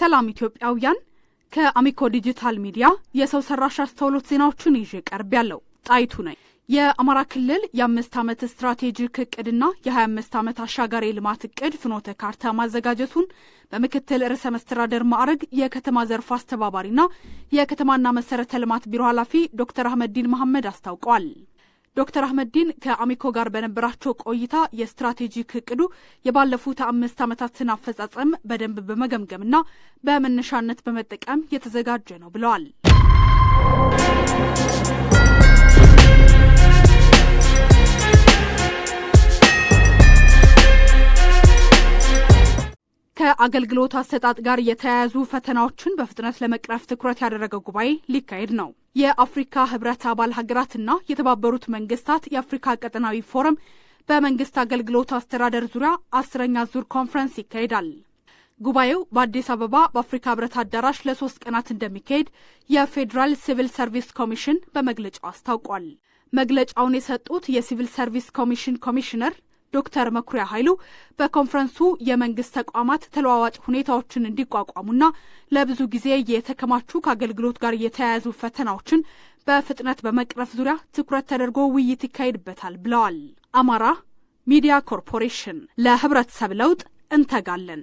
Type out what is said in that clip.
ሰላም ኢትዮጵያውያን ከአሚኮ ዲጂታል ሚዲያ የሰው ሰራሽ አስተውሎት ዜናዎቹን ይዤ ቀርብ ያለው ጣይቱ ነኝ። የአማራ ክልል የአምስት ዓመት ስትራቴጂክ እቅድና የ25 ዓመት አሻጋሪ ልማት እቅድ ፍኖተ ካርታ ማዘጋጀቱን በምክትል ርዕሰ መስተዳደር ማዕረግ የከተማ ዘርፍ አስተባባሪና የከተማና መሰረተ ልማት ቢሮ ኃላፊ ዶክተር አህመዲን መሐመድ አስታውቀዋል። ዶክተር አህመዲን ከአሚኮ ጋር በነበራቸው ቆይታ የስትራቴጂክ እቅዱ የባለፉት አምስት ዓመታትን አፈጻጸም በደንብ በመገምገምና በመነሻነት በመጠቀም የተዘጋጀ ነው ብለዋል። ከአገልግሎት አሰጣጥ ጋር የተያያዙ ፈተናዎችን በፍጥነት ለመቅረፍ ትኩረት ያደረገ ጉባኤ ሊካሄድ ነው። የአፍሪካ ህብረት አባል ሀገራትና የተባበሩት መንግስታት የአፍሪካ ቀጠናዊ ፎረም በመንግስት አገልግሎት አስተዳደር ዙሪያ አስረኛ ዙር ኮንፈረንስ ይካሄዳል። ጉባኤው በአዲስ አበባ በአፍሪካ ህብረት አዳራሽ ለሶስት ቀናት እንደሚካሄድ የፌዴራል ሲቪል ሰርቪስ ኮሚሽን በመግለጫው አስታውቋል። መግለጫውን የሰጡት የሲቪል ሰርቪስ ኮሚሽን ኮሚሽነር ዶክተር መኩሪያ ኃይሉ በኮንፈረንሱ የመንግስት ተቋማት ተለዋዋጭ ሁኔታዎችን እንዲቋቋሙና ለብዙ ጊዜ የተከማቹ ከአገልግሎት ጋር የተያያዙ ፈተናዎችን በፍጥነት በመቅረፍ ዙሪያ ትኩረት ተደርጎ ውይይት ይካሄድበታል ብለዋል። አማራ ሚዲያ ኮርፖሬሽን ለህብረተሰብ ለውጥ እንተጋለን።